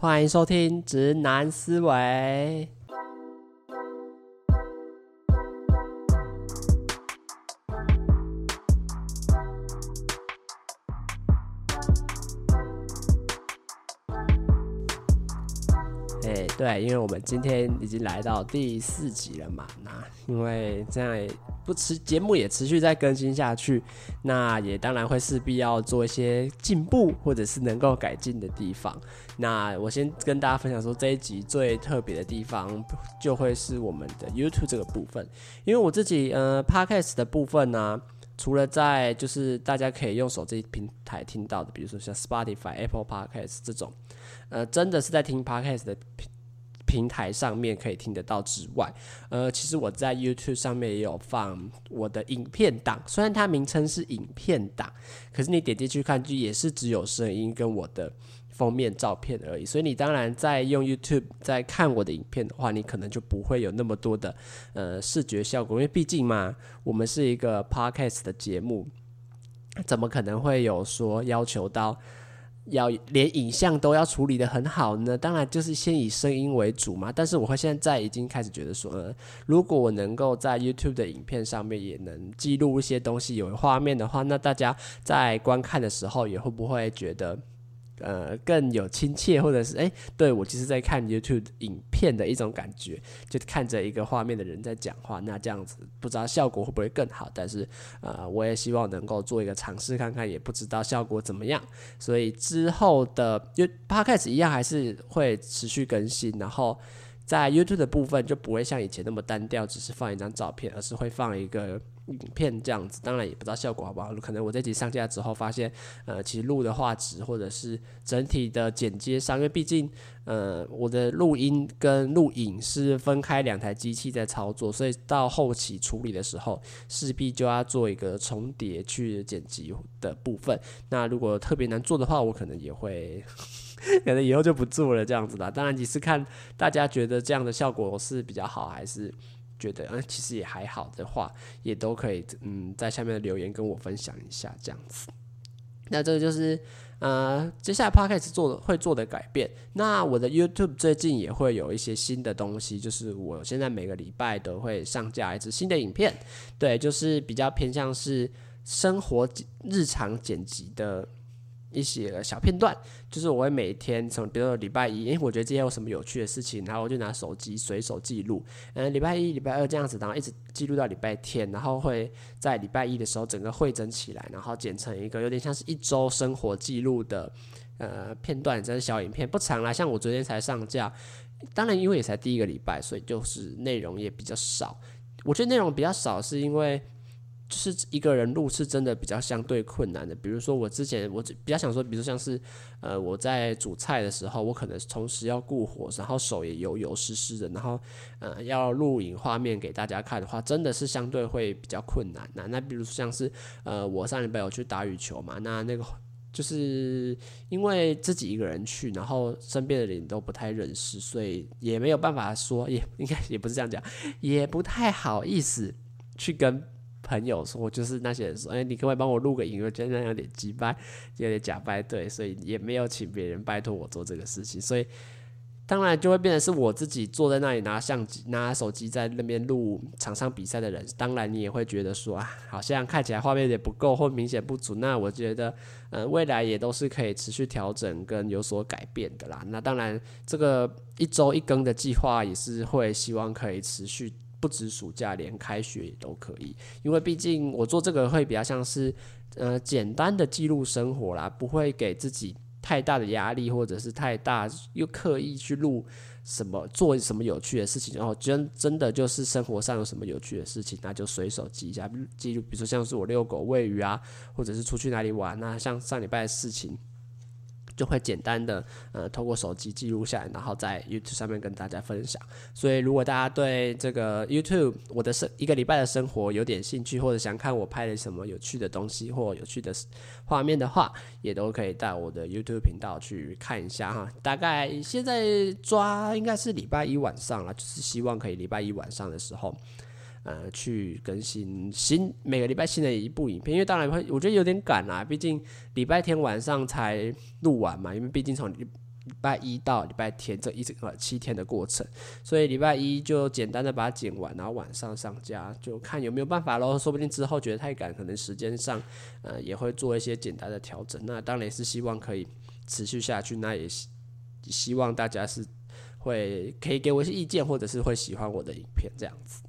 歡迎收聽《直男思維》。對，因為我們今天已經來到第四集了嘛，那因為這樣也不持節目也持續在更新下去，那也當然會勢必要做一些進步或者是能夠改進的地方。那我先跟大家分享說，這一集最特別的地方就會是我們的 YouTube 這個部分，因為我自己呃 Podcast 的部分呢，啊，除了在就是大家可以用手機平台聽到的，比如說像 Spotify、Apple Podcast 這種，呃，真的是在聽 Podcast 的。平台上面可以聽得到之外，呃，其實我在 YouTube 上面也有放我的影片檔，雖然它名稱是影片檔，可是你點進去看就也是只有聲音跟我的封面照片而已。所以你當然在用 YouTube 在看我的影片的話，你可能就不會有那麼多的呃視覺效果，因為畢竟嘛，我們是一個 Podcast 的節目，怎麼可能會有說要求到？要連影像都要處理得很好呢，當然就是先以聲音為主嘛。但是，我會現在已經開始覺得說，如果我能夠在 YouTube 的影片上面也能記錄一些東西，有畫面的話，那大家在觀看的時候，也會不會覺得？呃，更有親切，或者是哎，對我其實在看 YouTube 影片的一種感覺，就看着一個畫面的人在講話，那這樣子不知道效果會不會更好？但是，呃，我也希望能夠做一個嘗試看看，也不知道效果怎麼樣。所以之後的 YouTube Podcast 一樣還是會持續更新，然後在 YouTube 的部分就不會像以前那麼單調，只是放一張照片，而是會放一個。影片這樣子，當然也不知道效果好不好。可能我這集上架之後，發現，呃，其實錄的畫質或者是整體的剪接上，因為畢竟，呃，我的錄音跟錄影是分開兩台機器在操作，所以到後期處理的時候，勢必就要做一個重疊去剪輯的部分。那如果特別難做的話，我可能也會，可能以後就不做了這樣子吧。當然，你是看大家覺得這樣的效果是比較好還是，覺得嗯，其實也還好的話，也都可以嗯，在下面留言跟我分享一下這樣子。那這個就是啊、呃，接下來 podcast 做會做的改變。那我的 YouTube 最近也會有一些新的東西，就是我現在每個禮拜都會上架一支新的影片。對，就是比較偏向是生活日常剪輯的。一些小片段，就是我會每天從，比如說禮拜一，因為我覺得今天有什麼有趣的事情，然後我就拿手機隨手記錄，呃、嗯，禮拜一、禮拜二這樣子，然後一直記錄到禮拜天，然後會在禮拜一的時候整個彙整起來，然後剪成一個有點像是一周生活記錄的呃片段，這是小影片不長啦。像我昨天才上架，當然因為也才第一個禮拜，所以就是內容也比較少。我覺得內容比較少是因為。就是一個人錄是真的比較相對困難的，比如說我之前我比較想說，比如說像是呃我在煮菜的時候，我可能同時要顧火，然後手也油油濕濕的，然後呃要錄影畫面給大家看的話，真的是相對會比較困難那、啊、那比如說像是呃我上禮拜有去打羽球嘛，那那個就是因為自己一個人去，然後身邊的人都不太認識，所以也沒有辦法說，也應該也不是這樣講，也不太好意思去跟。朋友說，就是那些人說，哎、欸，你可不可以幫我錄個影？我覺得那有點雞掰，有點假掰，對，所以也沒有請別人拜托我做這個事情，所以當然就會變成是我自己坐在那裡拿相機、拿手機在那邊錄場上比賽的人。當然，你也會覺得說啊，好像看起來畫面也不夠或明顯不足。那我覺得，嗯、呃，未來也都是可以持續調整跟有所改變的啦。那當然，這個一周一更的計劃也是會希望可以持續。不止暑假，連開學也都可以，因為畢竟我做這個會比較像是，呃，簡單的記錄生活啦，不會給自己太大的壓力，或者是太大又刻意去錄什麼做什麼有趣的事情，然後真真的就是生活上有什麼有趣的事情，那就隨手記一下，記錄，比如說像是我遛狗、餵魚啊，或者是出去哪裡玩啊，像上禮拜的事情。就會簡單的呃，通過手機記錄下來，然後在 YouTube 上面跟大家分享。所以，如果大家對這個 YouTube 我的生一個禮拜的生活有點興趣，或者想看我拍的什麼有趣的東西或有趣的畫面的話，也都可以到我的 YouTube 頻道去看一下哈。大概現在抓應該是禮拜一晚上了，就是希望可以禮拜一晚上的時候。呃，去更新新每個禮拜新的一部影片，因為當然會，我覺得有點趕啦，畢竟禮拜天晚上才錄完嘛，因為畢竟從禮拜一到禮拜天這一整個七天的過程，所以禮拜一就簡單的把它剪完，然後晚上上架，就看有沒有辦法咯。說不定之後覺得太趕，可能時間上呃也會做一些簡單的調整。那當然也是希望可以持續下去，那也希望大家是會可以給我一些意見，或者是會喜歡我的影片這樣子。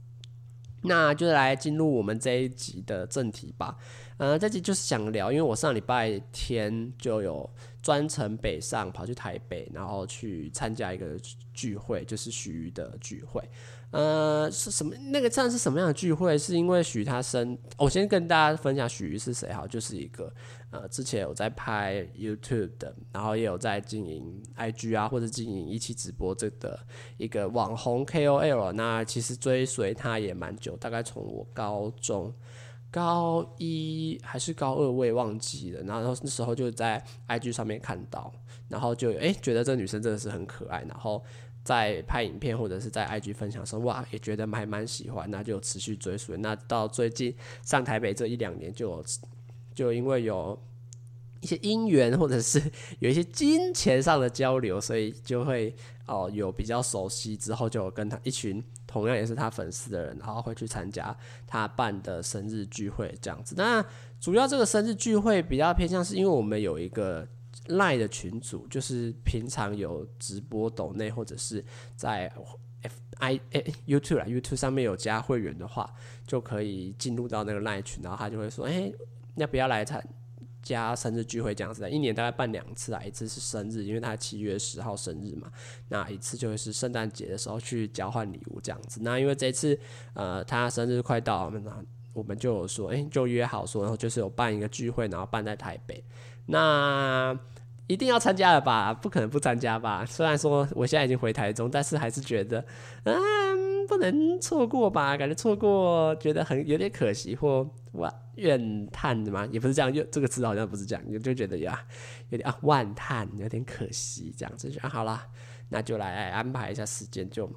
那就來進入我們這一集的正題吧。呃，這集就是想聊，因為我上禮拜天就有專程北上跑去台北，然後去參加一個聚會，就是許瑜的聚會。呃，是什麼那個這樣是什麼樣的聚會？是因為許瑜生，我先跟大家分享許瑜是誰哈？就是一個呃，之前有在拍 YouTube 的，然後也有在經營 IG 啊，或者經營一期直播這個一個網紅 KOL。那其實追隨她也蠻久，大概從我高中高一還是高二，我也忘記了。然後那時候就在 IG 上面看到，然後就誒、欸，覺得這女生真的是很可愛，然後。在拍影片或者是在 IG 分享的時候，哇，也覺得還蠻喜歡，那就持續追隨。那到最近上台北這一兩年，就有就因為有一些姻緣或者是有一些金錢上的交流，所以就會哦、呃、有比較熟悉，之後就跟他一群同樣也是他粉絲的人，然後會去參加他辦的生日聚會這樣子。那主要這個生日聚會比較偏向是因為我們有一個。Line 的群組就是平常有直播抖內或者是在 F I YouTube 啊 YouTube 上面有加會員的話，就可以進入到那個 Line 群，然後他就會說：“哎，要不要來參加生日聚會這樣子？一年大概辦兩次啊，一次是生日，因為他七月十號生日嘛，那一次就會是聖誕節的時候去交換禮物這樣子。那因為這次呃他生日快到了嘛，那我們就有說，哎，就約好說，然後就是有辦一個聚會，然後辦在台北。那一定要參加了吧，不可能不參加吧。雖然說我現在已經回台中，但是還是覺得，嗯，不能錯過吧。感覺錯過覺得很有點可惜，或萬怨嘆的嗎？也不是這樣，怨這個詞好像不是這樣，就就覺得呀、啊，有點啊萬嘆，有點可惜這樣子。就、啊、好啦。那就來、欸、安排一下時間，就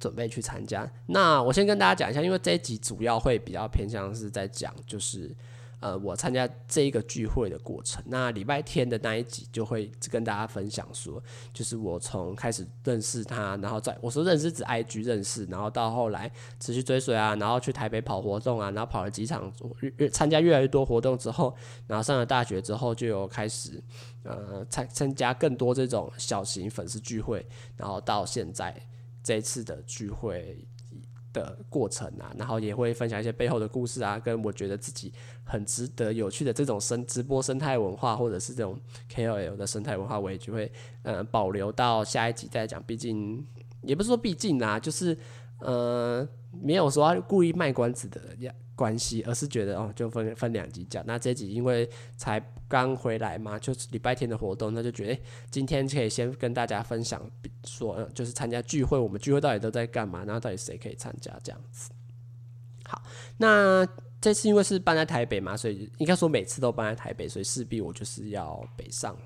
準備去參加。那我先跟大家講一下，因為這一集主要會比較偏向是在講，就是。呃，我參加這一個聚會的過程，那禮拜天的那一集就會跟大家分享說，就是我從開始認識他，然後在我說認識只 I G 認識，然後到後來持續追隨啊，然後去台北跑活動啊，然後跑了幾場，參加越來越多活動之後，然後上了大學之後，就有開始呃參參加更多這種小型粉絲聚會，然後到現在這一次的聚會。的過程啊，然後也會分享一些背後的故事啊，跟我覺得自己很值得有趣的這種生直播生態文化，或者是這種 KOL 的生態文化，我也就會嗯保留到下一集再講。畢竟也不是說畢竟啊，就是呃。沒有說故意賣關子的關關係，而是覺得哦，就分分兩集講。那這集因為才剛回來嘛，就是禮拜天的活動，那就覺得欸，今天可以先跟大家分享，說、呃、就是參加聚會，我們聚會到底都在幹嘛，然後到底誰可以參加這樣子。好，那這次因為是辦在台北嘛，所以應該說每次都辦在台北，所以勢必我就是要北上。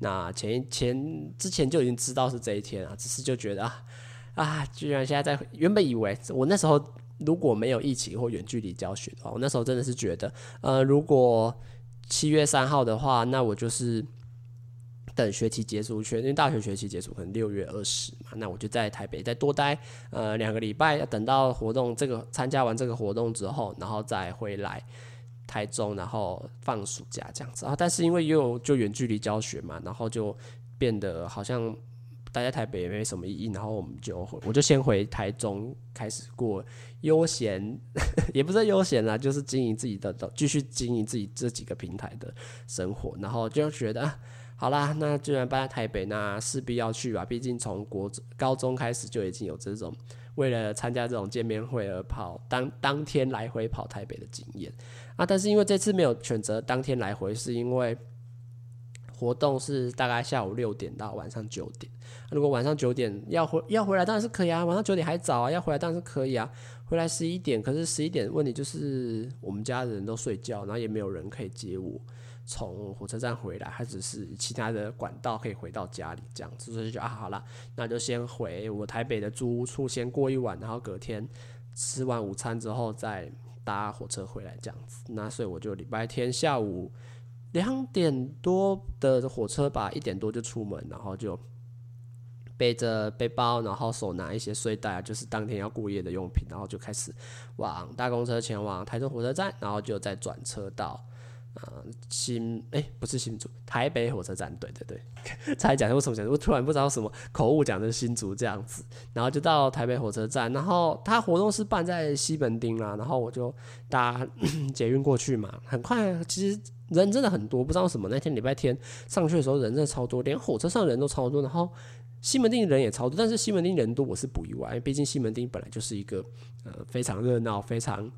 那前前之前就已經知道是這一天啊，只是就覺得啊。啊！居然現在在原本以為我那時候如果沒有疫情或遠距離教學的話，我那時候真的是覺得，呃，如果七月三號的話，那我就是等學期結束，因為大學學期結束可能六月二十嘛，那我就在台北再多待呃兩個禮拜，要等到活動這個參加完這個活動之後，然後再回來台中，然後放暑假這樣子啊。但是因為又就遠距離教學嘛，然後就變得好像。待在台北也沒什麼意義，然後我們就我就先回台中開始過悠閒，也不是悠閒啦，就是經營自己的，繼續經營自己這幾個平台的生活，然後就覺得，好啦，那既然搬到台北，那勢必要去吧，畢竟從國中高中開始就已經有這種為了參加這種見面會而跑當當天來回跑台北的經驗，啊，但是因為這次沒有選擇當天來回，是因為。活動是大概下午六點到晚上九點。如果晚上九點要回要回來，當然是可以啊。晚上九點還早啊，要回來當然是可以啊。回來十一點，可是十一點問題就是我們家人都睡覺，然後也沒有人可以接我從火車站回來。還只是其他的管道可以回到家裡這樣子，所以就啊，好了，那就先回我台北的租屋處先過一晚，然後隔天吃完午餐之後再搭火車回來這樣子。那所以我就禮拜天下午。兩點多的火車吧，一點多就出門，然後就背着背包，然後手拿一些睡袋，就是當天要過夜的用品，然後就開始往大公車前往台中火車站，然後就再轉車到嗯、呃、新哎、欸、不是新竹台北火車站，對對對，對對 才講為什麼講，我突然不知道什麼口誤講成、就是、新竹這樣子，然後就到台北火車站，然後他活動是辦在西門町啦、啊，然後我就搭 捷運過去嘛，很快其實。人真的很多，不知道為什麼那天禮拜天上去的時候人真的超多，連火車上人都超多，然後西門町人也超多，但是西門町人多我是不意外，畢竟西門町本來就是一個呃非常熱鬧、非常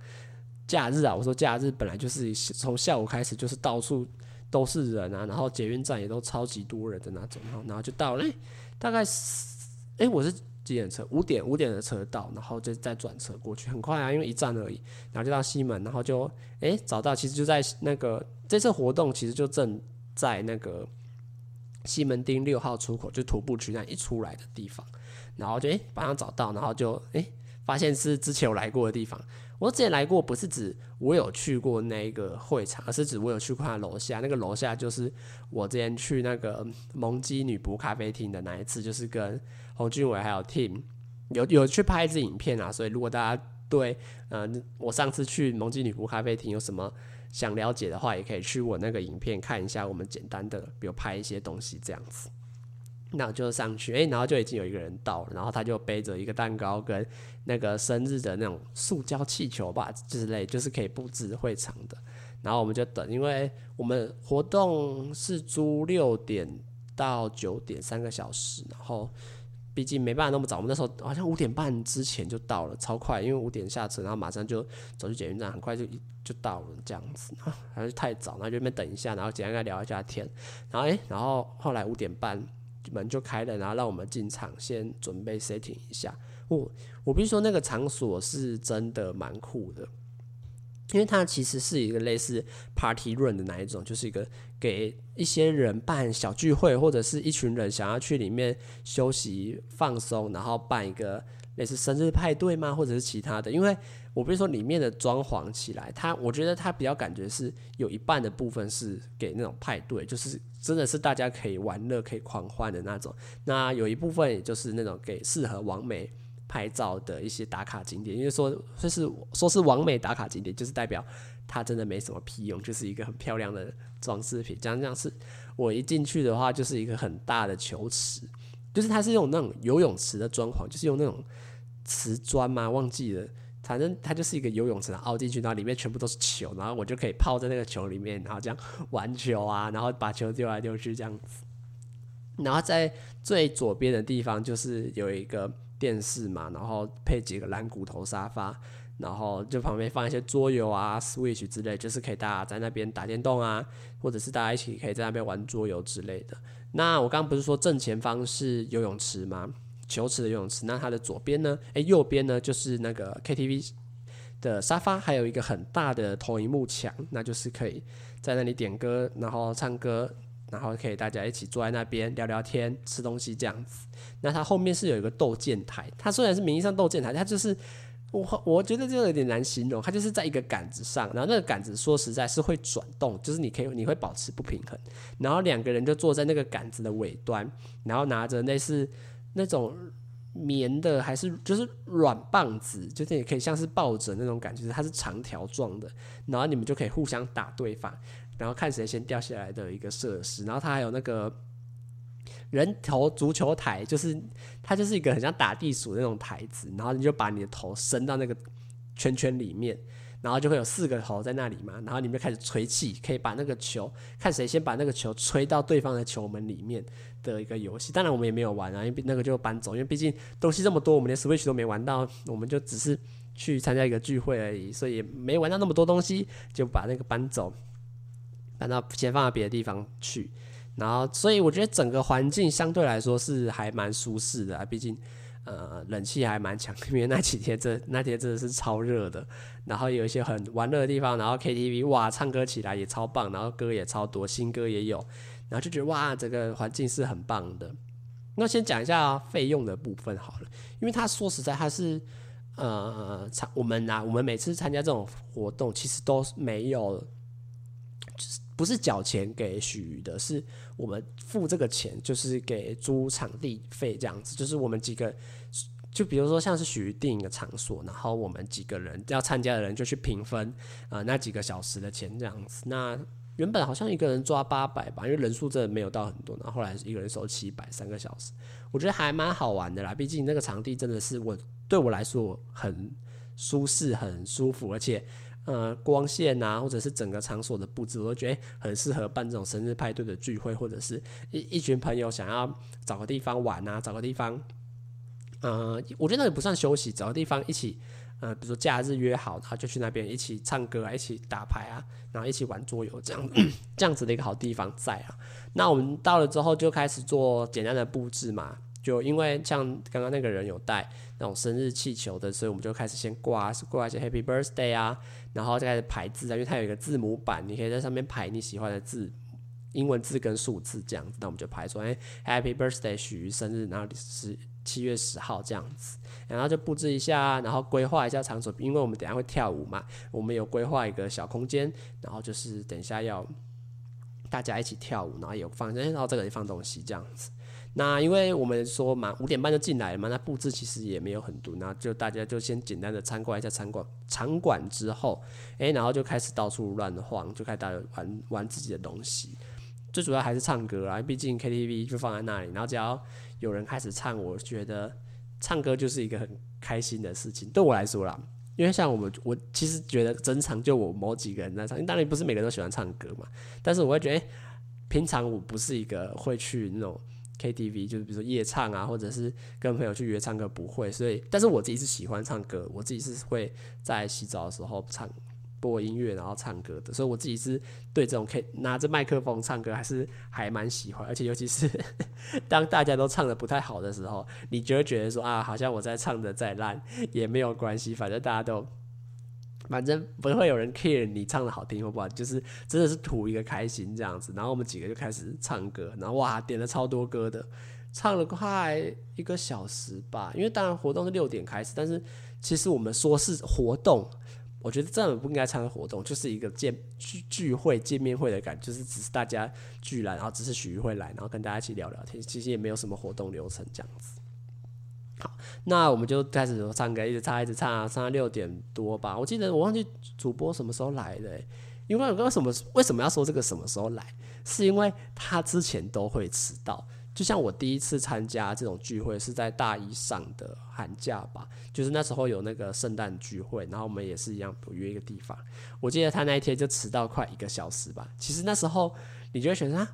假日啊。我說假日本來就是從下午開始就是到處都是人啊，然後捷運站也都超級多人的那種，然後就到了，欸，大概是哎，欸，我是。七點車五點五點的車到，然後就再轉車過去，很快啊，因為一站而已。然後就到西門，然後就哎、欸、找到，其實就在那個這次活動其實就正在那個西門町六號出口，就徒步區那一出來的地方。然後就誒把它找到，然後就哎、欸、發現是之前有來過的地方。我說之前來過不是指我有去過那個會場，而是指我有去過他樓下。那個樓下就是我之前去那個萌雞女僕咖啡廳的那一次，就是跟。侯俊偉還有 Tim 有有去拍一支影片，啊，所以如果大家對嗯、呃、我上次去蒙蒂女僕咖啡廳有什麼想了解的話，也可以去我那個影片看一下。我們簡單的比如拍一些東西這樣子，那就上去誒、欸，然後就已經有一個人到了，然後他就背着一個蛋糕跟那個生日的那種塑膠氣球吧之類，就是可以布置會場的。然後我們就等，因為我們活動是租六點到九點三個小時，然後。畢竟沒辦法那麼早，我們那時候好像五點半之前就到了，超快，因為五點下車，然後馬上就走去捷運站，很快就就到了這樣子，還是太早，然後就那邊等一下，然後簡單聊一下天，然後誒、欸，然後後來五點半門就開了，然後讓我們進場先準備 setting 一下，我我必須說那個場所是真的蠻酷的。因為它其實是一個類似 party room 的那一種，就是一個給一些人辦小聚會，或者是一群人想要去裡面休息放鬆，然後辦一個類似生日派對嘛，或者是其他的。因為我不是說裡面的裝潢起來，它我覺得它比較感覺是有一半的部分是給那種派對，就是真的是大家可以玩樂、可以狂歡的那種。那有一部分也就是那種給適合網美。拍照的一些打卡景點，因為說就是說是網美打卡景點，就是代表它真的沒什麼屁用，就是一個很漂亮的裝飾品。這樣這樣是，是我一進去的話，就是一個很大的球池，就是它是用那種游泳池的磚塊，就是用那種瓷磚嘛，忘記了，反正它就是一個游泳池凹進去，然後裡面全部都是球，然後我就可以泡在那個球裡面，然後這樣玩球啊，然後把球丟來丟去這樣子。然後在最左邊的地方就是有一個。電視嘛，然後配幾個懶骨頭沙發，然後就旁邊放一些桌遊啊、Switch 之類，就是可以大家在那邊打電動啊，或者是大家一起可以在那邊玩桌遊之類的。那我剛剛不是說正前方是游泳池嗎？球池的游泳池，那它的左邊呢？誒，右邊呢？就是那個 KTV 的沙發，還有一個很大的投影幕牆，那就是可以在那裡點歌，然後唱歌。然後可以大家一起坐在那邊聊聊天、吃東西這樣子。那它後面是有一個鬥劍台，它雖然是名義上鬥劍台，它就是我我覺得這個有點難形容，它就是在一個杆子上，然後那個杆子說實在，是會轉動，就是你可以你會保持不平衡，然後兩個人就坐在那個杆子的尾端，然後拿着類似那種棉的還是就是軟棒子，就是也可以像是抱枕那種感覺，它是長條狀的，然後你們就可以互相打對方。然後看誰先掉下來的一個設施，然後他還有那個人頭足球台，就是他就是一個很像打地鼠的那種台子，然後你就把你的頭伸到那個圈圈裡面，然後就會有四個頭在那裡嘛，然後你們就開始吹氣，可以把那個球看誰先把那個球吹到對方的球門裡面的一個遊戲。當然我們也沒有玩啊，因為那個就搬走，因為畢竟東西這麼多，我們連 Switch 都沒玩到，我們就只是去參加一個聚會而已，所以也沒玩到那麼多東西，就把那個搬走。搬到先放到別的地方去，然後所以我覺得整個環境相對來說是還蠻舒適的啊，畢竟呃冷氣還蠻強。因為那幾天真那天真的是超熱的，然後有一些很玩樂的地方，然後 KTV 哇唱歌起來也超棒，然後歌也超多，新歌也有，然後就覺得哇整個環境是很棒的。那先講一下費用的部分好了，因為他說實在他是呃我們啊，我們每次參加這種活動其實都沒有。不是繳錢給許瑜的，是我們付這個錢，就是給租場地費這樣子。就是我們幾個，就比如說像是許瑜定一個場所，然後我們幾個人要參加的人就去平分啊、呃、那幾個小時的錢這樣子。那原本好像一個人抓八百吧，因為人數真的沒有到很多，然後後來一個人收七百，三個小時，我覺得還蠻好玩的啦。畢竟那個場地真的是我對我來說很舒適、很舒服，而且。呃，光線啊，或者是整個場所的布置，我都覺得很適合辦這種生日派對的聚會，或者是一一群朋友想要找個地方玩啊。找個地方，呃，我覺得那也不算休息，找個地方一起，呃，比如說假日約好，然後就去那邊一起唱歌啊，一起打牌啊，然後一起玩桌遊這樣，這樣子的一個好地方在啊。那我們到了之後就開始做簡單的布置嘛。就因為像剛剛那個人有帶那種生日氣球的，所以我們就開始先掛掛、啊、一些 Happy Birthday 啊，然後再開始排字啊，因為它有一個字母板，你可以在上面排你喜歡的字，英文字跟數字這樣子，那我們就排說、欸，哎，Happy Birthday 許瑜生日，然後是七月十號這樣子，然後就布置一下，然後規劃一下場所，因為我們等一下會跳舞嘛，我們有規劃一個小空間，然後就是等一下要大家一起跳舞，然後有放、欸、然後這個也放東西這樣子。那因為我們說嘛，五點半就進來嘛，那布置其實也沒有很多，那就大家就先簡單的參觀一下參觀場館之後，誒、欸，然後就開始到處亂晃，就開始大家玩玩自己的東西，最主要還是唱歌啊，畢竟 KTV 就放在那裡，然後只要有人開始唱，我覺得唱歌就是一個很開心的事情，對我來說啦，因為像我們我其實覺得整場就我某幾個人在唱，因為當然不是每個人都喜歡唱歌嘛，但是我會覺得、欸、平常我不是一個會去那種。KTV 就是比如說夜唱啊，或者是跟朋友去約唱歌不會，所以但是我自己是喜歡唱歌，我自己是會在洗澡的時候唱播音樂然後唱歌的，所以我自己是對這種 K 拿着麥克風唱歌還是還蠻喜歡，而且尤其是當大家都唱得不太好的時候，你就會覺得說啊，好像我在唱得再爛也沒有關係，反正大家都。反正不會有人 care 你唱的好聽或不好，就是真的是圖一個開心這樣子。然後我們幾個就開始唱歌，然後哇點了超多歌的，唱了快一個小時吧。因為當然活動是六點開始，但是其實我們說是活動，我覺得這樣不應該稱為活動，就是一個聚聚會、見面會的感覺，就是只是大家聚來，然後只是許瑜會來，然後跟大家一起聊聊天，其實也沒有什麼活動流程這樣子。好，那我們就開始唱歌，一直唱一直唱，唱到六點多吧。我記得我忘記主播什麼時候來的，欸，因為我為什麼為什麼要說這個什麼時候來？是因為他之前都會遲到，就像我第一次參加這種聚會是在大一上的寒假吧，就是那時候有那個聖誕聚會，然後我們也是一樣不約一個地方。我記得他那一天就遲到快一個小時吧。其實那時候你就會選他？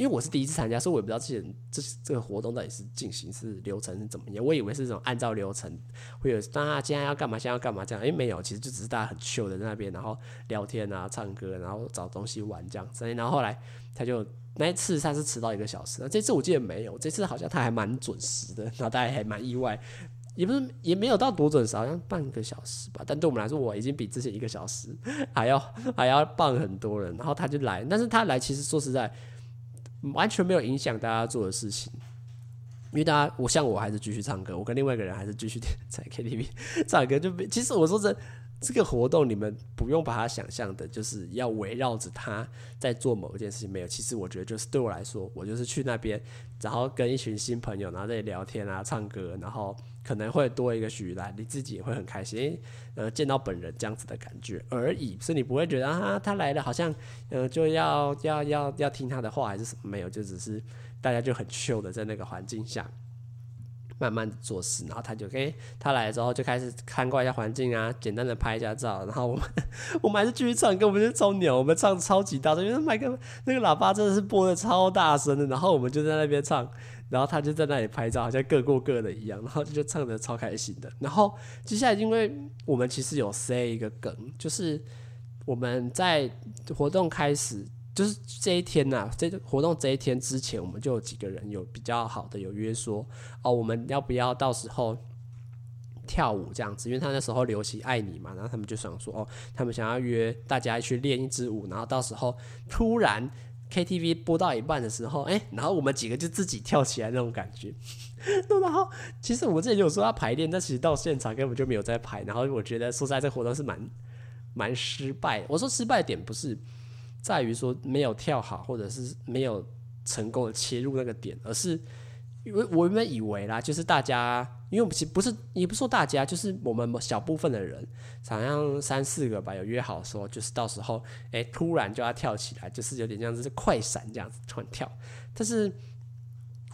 因為我是第一次參加，所以我也不知道之前這些這、這個活動到底是進行是流程是怎麼樣。我以為是這種按照流程會有大家今天要幹嘛，現在要幹嘛這樣。哎，沒有，其實就只是大家很 chill 的在那邊，然後聊天啊，唱歌，然後找東西玩這樣。所以，然後後來他就那一次他是遲到一個小時，那、啊、這次我記得沒有，這次好像他還蠻準時的，然後大家還、還蠻意外，也不是也沒有到多準時，好像半個小時吧。但對我們來說，我已經比之前一個小時還要還要棒很多人。然後他就來，但是他來其實說實在。完全沒有影響大家做的事情，因為大家我像我還是繼續唱歌，我跟另外一個人還是繼續在 KTV 唱歌。就其實我說這這個活動你們不用把它想象的，就是要圍繞着他在做某一件事情。沒有，其實我覺得就是對我來說，我就是去那邊，然後跟一群新朋友，然後在聊天啊，唱歌，然後。可能會多一個許瑜，你自己也會很開心，呃，見到本人這樣子的感覺而已，所以你不會覺得啊，他來了好像，呃，就要要要要聽他的話還是什麼？沒有，就只是大家就很 chill 的在那個環境下，慢慢的做事。然後他就，哎、okay，他來之後就開始看過一下環境啊，簡單的拍一下照。然後我們 我們還是繼續唱歌，我們就超牛，我們唱超級大聲，因為麥克那個喇叭真的是播的超大聲的。然後我們就在那邊唱。然後他就在那裡拍照，好像各過各、各的一樣，然後就唱得超開心的。然後接下來，因為我們其實有 say 一個梗，就是我們在活動開始，就是這一天啊，這活動這一天之前，我們就有幾個人有比較好的有約說，哦，我們要不要到時候跳舞這樣子？因為他那時候流行愛你嘛，然後他們就想說，哦，他們想要約大家去練一支舞，然後到時候突然。KTV 播到一半的時候，哎、欸，然後我們幾個就自己跳起來那種感覺。那 然後，其實我們之前就有說要排練，但其實到現場根本就沒有在排。然後我覺得說實在，這活動是蠻蠻失敗。我說失敗點不是在於說沒有跳好，或者是沒有成功的切入那個點，而是。因為，我原本以為啦，就是大家，因為我們其實不是也不說大家，就是我們小部分的人，好像三四個吧，有約好說，就是到時候，誒、欸，突然就要跳起來，就是有點像是快閃這樣子突然跳。但是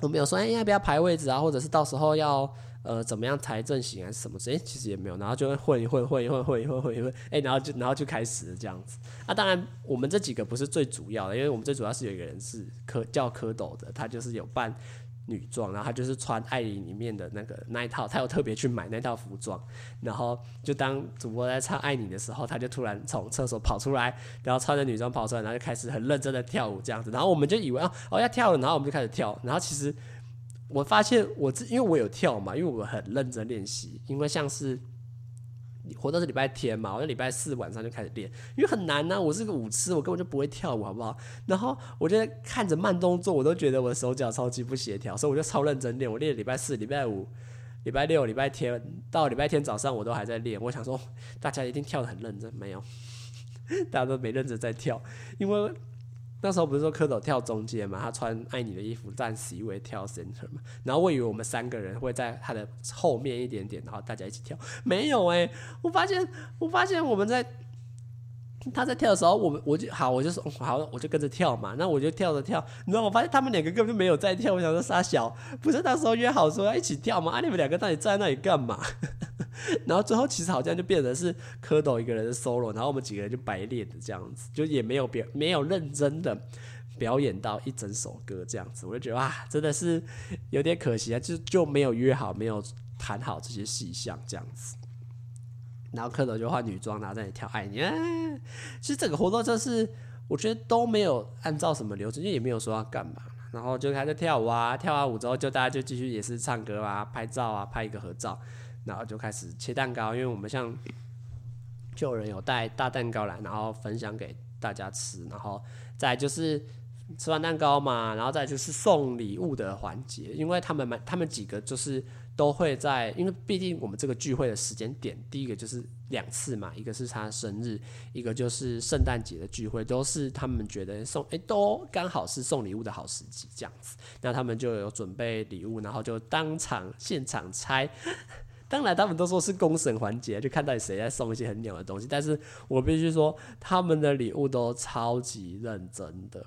我沒有說，哎、欸，要不要排位置啊？或者是到時候要呃怎麼樣才正形啊？什麼之類、欸，其實也沒有。然後就會混，一混，一混，一混，一混一混，混一混，混一混，混一混，誒，然後就然後就開始這樣子。啊，當然我們這幾個不是最主要的，因為我們最主要是有一個人是蝌叫蝌蚪的，他就是有辦。女裝，然後他就是穿《愛你》裡面的那個那一套，他又特別去買那套服裝，然後就當主播在唱《愛你》的時候，他就突然從廁所跑出來，然後穿着女裝跑出來，然後就開始很認真的跳舞這樣子，然後我們就以為啊、哦哦，要跳了，然後我們就開始跳，然後其實我發現我自因為我有跳嘛，因為我很認真練習，因為像是。活動是禮拜天嘛，我就禮拜四晚上就開始練，因為很難啊。我是個舞痴，我根本就不會跳舞，好不好？然後我就看着慢動作，我都覺得我的手腳超級不協調，所以我就超認真練。我練禮拜四、禮拜五、禮拜六、禮拜天，到禮拜天早上我都還在練。我想說，大家一定跳得很認真，沒有？大家都沒認真在跳，因為。那時候不是說蝌蚪跳中間嘛？他穿愛你的衣服站 C 位跳 center 嘛？然後我以為我們三個人會在他的後面一點點，然後大家一起跳。沒有哎、欸，我發現，我發現我們在他在跳的時候，我們我就好，我就說好，我就跟着跳嘛。那我就跳着跳，你知道，我發現他們兩個根本就沒有在跳。我想說殺小，不是那時候約好說要一起跳嗎？啊，你們兩個到底站在那裡幹嘛？然後最後其實好像就變成是蝌蚪一個人的 solo，然後我們幾個人就白練的這樣子，就也沒有表沒有認真的表演到一整首歌這樣子，我就覺得哇、啊，真的是有點可惜啊，就就沒有約好，沒有談好這些細項這樣子。然後蝌蚪就換女裝，然後在那裡跳愛你、啊。其實整個活動就是我覺得都沒有按照什麼流程，因為也沒有說要幹嘛，然後就開始跳舞啊，跳完舞之後就大家就繼續也是唱歌啊，拍照啊，拍一個合照。然後就開始切蛋糕，因為我們像就有人有帶大蛋糕來，然後分享給大家吃。然後再就是吃完蛋糕嘛，然後再就是送禮物的環節，因為他們他們幾個就是都會在，因為畢竟我們這個聚會的時間點，第一個就是兩次嘛，一個是他生日，一個就是聖誕節的聚會，都是他們覺得送，哎，都剛好是送禮物的好時機這樣子。那他們就有準備禮物，然後就當場現場拆。當然，他們都說是公審環節，就看到誰在送一些很鳥的東西。但是，我必須說，他們的禮物都超級認真的。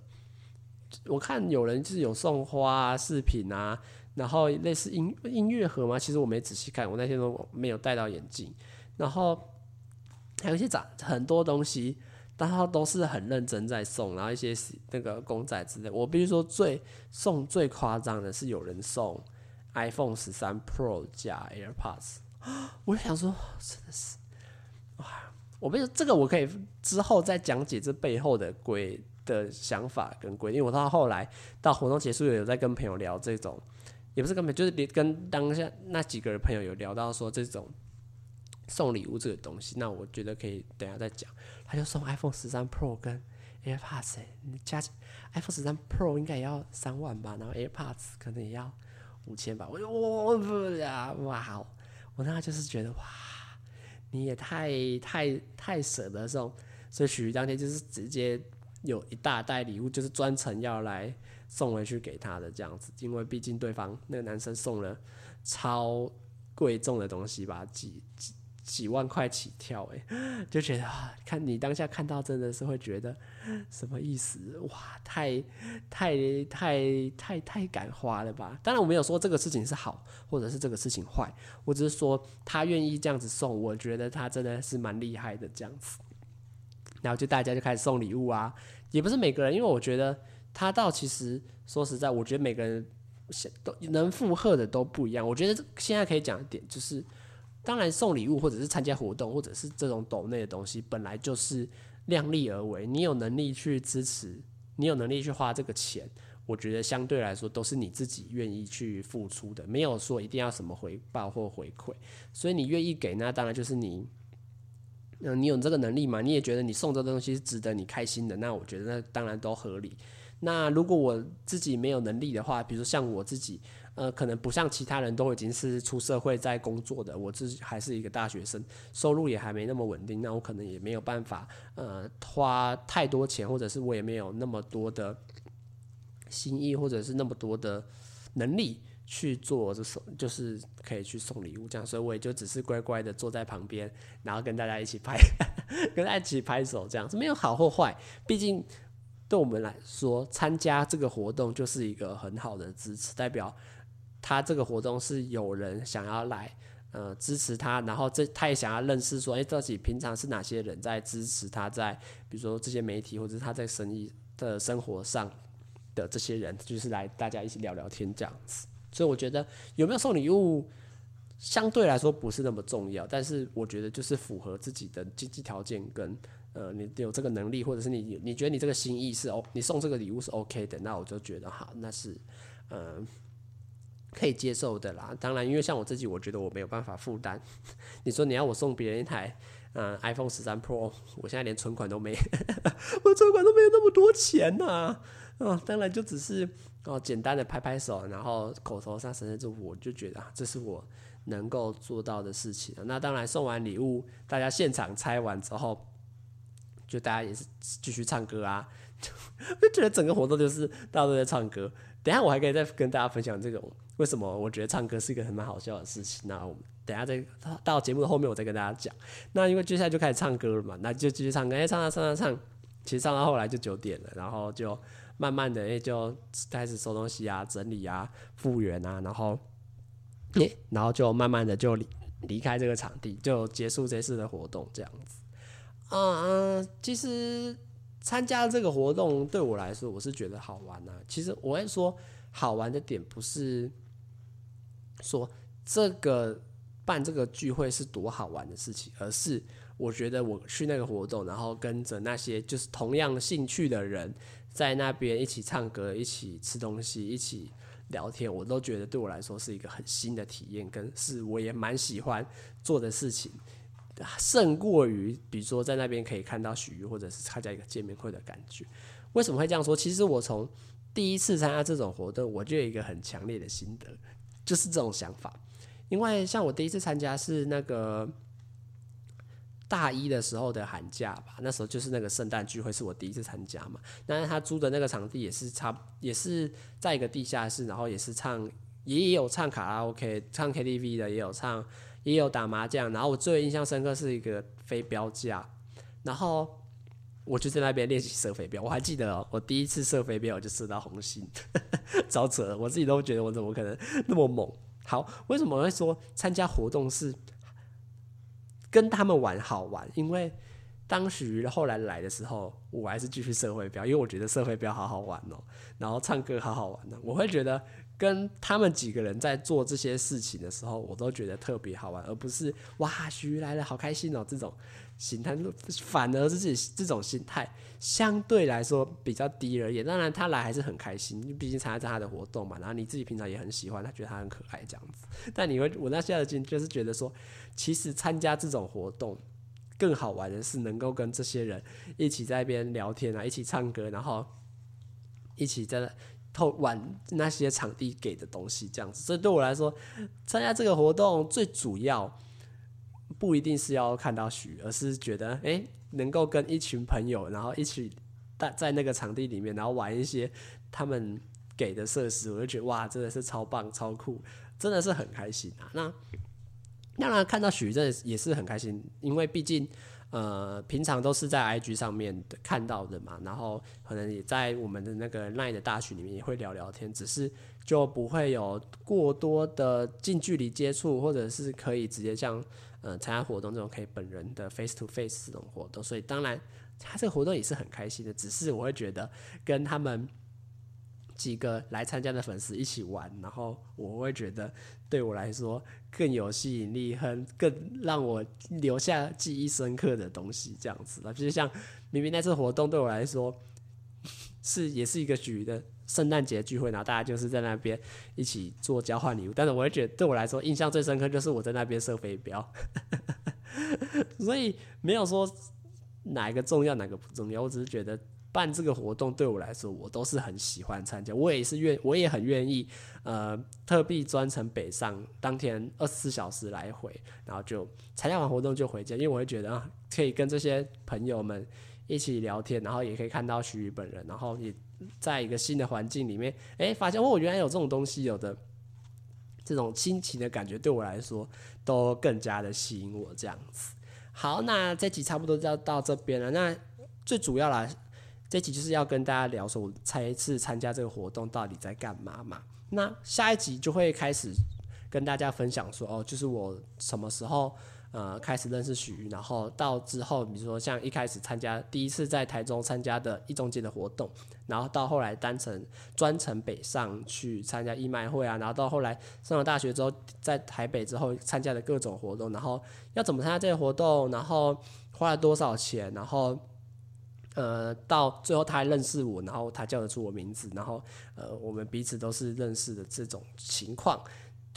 我看有人就是有送花啊、飾品啊，然後類似音音樂盒嘛。其實我沒仔細看，我那天都沒有戴到眼鏡。然後還有一些長很多東西，然後都，都是很認真在送。然後一些那個公仔之類的，我必須說最送最誇張的是有人送 iPhone 十三 Pro 加 AirPods，我就想說，真的是啊！我不是這個，我可以之後再講解這背後的鬼的想法跟規，因為我到後來到活動結束，也有在跟朋友聊這種，也不是根本就是跟當下那幾個人朋友有聊到說，這種送禮物這個東西。那我覺得可以等下再講。他就送 iPhone 十三 Pro 跟 AirPods，欸、你加 iPhone 十三 Pro 應該要三萬吧？然後 AirPods 可能也要。五千吧，我就我不呀，哇！我那個就是覺得哇，你也太太太捨得送，所以許瑜當天就是直接有一大袋禮物，就是專程要來送回去給他的這樣子，因為畢竟對方那個男生送了超貴重的東西吧，幾幾。幾萬塊起跳，誒，就覺得啊，看你當下看到真的是會覺得什麼意思？哇，太太太太太敢花了吧？當然我沒有說這個事情是好，或者是這個事情壞，我只是說他願意這樣子送，我覺得他真的是蠻厲害的這樣子。然後就大家就開始送禮物啊，也不是每個人，因為我覺得他倒其實說實在，我覺得每個人現都能負荷的都不一樣。我覺得現在可以講一點就是。當然，送禮物或者是參加活動，或者是這種抖內的東西，本來就是量力而為。你有能力去支持，你有能力去花這個錢，我覺得相對來說都是你自己願意去付出的，沒有說一定要什麼回報或回饋。所以你願意給，那當然就是你，嗯，你有這個能力嘛，你也覺得你送這東西值得你開心的，那我覺得那當然都合理。那如果我自己沒有能力的話，比如說像我自己，呃，可能不像其他人都已經是出社會在工作的，我自己還是一個大學生，收入也還沒那麼穩定，那我可能也沒有辦法呃花太多錢，或者是我也沒有那麼多的心意，或者是那麼多的能力去做這送，就是可以去送禮物這樣，所以我也就只是乖乖的坐在旁邊，然後跟大家一起拍呵呵，跟大家一起拍手這樣，沒有好或壞，畢竟對我們來說，參加這個活動就是一個很好的支持，代表。他這個活動是有人想要來，呃，支持他，然後這他也想要認識，說，哎，自己平常是哪些人在支持他，在比如說這些媒體，或者是他在生意的生活上的這些人，就是來大家一起聊聊天這樣子。所以我覺得有沒有送禮物，相對來說不是那麼重要，但是我覺得就是符合自己的經濟條件跟，呃，你有這個能力，或者是你你覺得你這個心意是 O，你送這個禮物是 OK 的，那我就覺得哈，那是，嗯。可以接受的啦，當然，因為像我自己，我覺得我沒有辦法負擔。你說你要我送別人一台，嗯、呃、iPhone 十三 Pro，我現在連存款都沒， 我存款都沒有那麼多錢吶、啊，啊、哦，當然就只是哦，簡單的拍拍手，然後口頭上神的祝福，我就覺得這是我能夠做到的事情。那當然，送完禮物，大家現場拆完之後，就大家也是繼續唱歌啊就，就覺得整個活動就是大家都在唱歌。等下我還可以再跟大家分享這種。為什麼我覺得唱歌是一個很蠻好笑的事情、啊？那我們等下再到節目的後面，我再跟大家講。那因為接下來就開始唱歌了嘛，那就繼續唱歌。哎，唱啊唱啊唱、啊，其實唱到後來就九點了，然後就慢慢的哎、欸、就開始收東西啊、整理啊、復原啊，然後，然後就慢慢的就離開這個場地，就結束這次的活動這樣子。啊，其實參加這個活動對我來說，我是覺得好玩啊。其實我也說好玩的點不是。說這個辦這個聚會是多好玩的事情，而是我覺得我去那個活動，然後跟着那些就是同樣興趣的人在那邊一起唱歌、一起吃東西、一起聊天，我都覺得對我來說是一個很新的體驗，跟是我也蠻喜歡做的事情，勝過於比如說在那邊可以看到許瑜或者是參加一個見面會的感覺。為什麼會這樣說？其實我從第一次參加這種活動，我就有一個很強烈的心得，就是這種想法，因為像我第一次參加是那個大一的時候的寒假吧，那時候就是那個聖誕聚會是我第一次參加嘛。但是他租的那個場地也是差，也是在一個地下室，然後也是唱，也有唱卡拉 OK，唱 KTV 的，也有唱，也有打麻將。然後我最印象深刻是一個飛鏢架，然後。我就在那邊練習射飛鏢，我還記得、喔、我第一次射飛鏢，我就射到紅心，超扯，我自己都覺得我怎麼可能那麼猛。好，為什麼我會說參加活動是跟他們玩好玩？因為當許瑜後來來的時候，我還是繼續射飛鏢，因為我覺得射飛鏢好好玩哦、喔，然後唱歌好好玩呢、喔，我會覺得跟他們幾個人在做這些事情的時候，我都覺得特別好玩，而不是哇許瑜來了好開心哦、喔、這種。心態，反而是自己這種心態相對來說比較低而已。當然，他來還是很開心，因為畢竟參加他的活動嘛。然後你自己平常也很喜歡，他覺得他很可愛這樣子。但你會，我那現在就就是覺得說，其實參加這種活動更好玩的是能夠跟這些人一起在那邊聊天啊，一起唱歌，然後一起在那偷玩那些場地給的東西這樣子。所以對我來說，參加這個活動最主要。不一定是要看到許，而是覺得誒、欸、能夠跟一群朋友，然後一起在在那個場地裡面，然後玩一些他們給的設施，我就覺得哇，真的是超棒、超酷，真的是很開心啊！那當然看到許，真的也是很開心，因為畢竟呃，平常都是在 IG 上面的看到的嘛，然後可能也在我們的那個 line 的大群裡面也會聊聊天，只是就不會有過多的近距離接觸，或者是可以直接像。呃，參加活動這種可以本人的 face to face 這種活動，所以當然他這個活動也是很開心的。只是我會覺得跟他們幾個來參加的粉絲一起玩，然後我會覺得對我來說更有吸引力，很更讓我留下記憶深刻的東西這樣子吧。就是像明明那次活動對我來說是也是一個局的。聖誕節聚會，然後大家就是在那邊一起做交換禮物，但是我也覺得對我來說印象最深刻就是我在那邊射飛鏢， 所以沒有說哪一個重要哪個不重要，我只是覺得辦這個活動對我來說我都是很喜歡參加，我也是願我也很願意呃特地專程北上，當天二十四小時來回，然後就參加完活動就回家，因為我會覺得啊可以跟這些朋友們一起聊天，然後也可以看到許瑜本人，然後也。在一個新的環境裡面，誒，發現哦，我原來有這種東西，有的這種親情的感覺，對我來說都更加的吸引我這樣子。好，那這集差不多就要到，到這邊了。那最主要啦，這集就是要跟大家聊說，我這一次參加這個活動到底在幹嘛嘛。那下一集就會開始跟大家分享說，哦，就是我什麼時候。呃，開始認識許瑜，然後到之後，比如說像一開始參加第一次在台中參加的一中街的活動，然後到後來單程專程北上去參加義賣會啊，然後到後來上了大學之後，在台北之後參加的各種活動，然後要怎麼參加這些活動，然後花了多少錢，然後呃，到最後他還認識我，然後他叫得出我名字，然後呃，我們彼此都是認識的這種情況。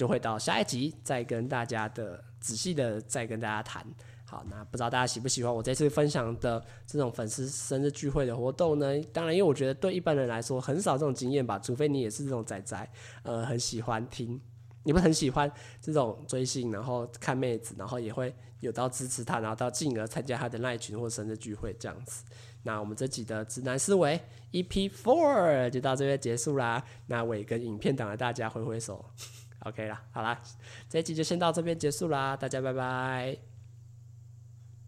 就會到下一集再跟大家的仔細的再跟大家談。好，那不知道大家喜不喜歡我這次分享的這種粉絲生日聚會的活動呢？當然，因為我覺得對一般人來說很少這種經驗吧，除非你也是這種仔仔，呃，很喜歡聽，你不是很喜歡這種追星，然後看妹子，然後也會有到支持他，然後到進而參加他的 LINE 群或生日聚會這樣子。那我們這集的直男思維 EP Four 就到這邊結束啦。那我也跟影片黨的大家揮揮手。OK 了，好啦，這一集就先到這邊結束啦，大家拜拜。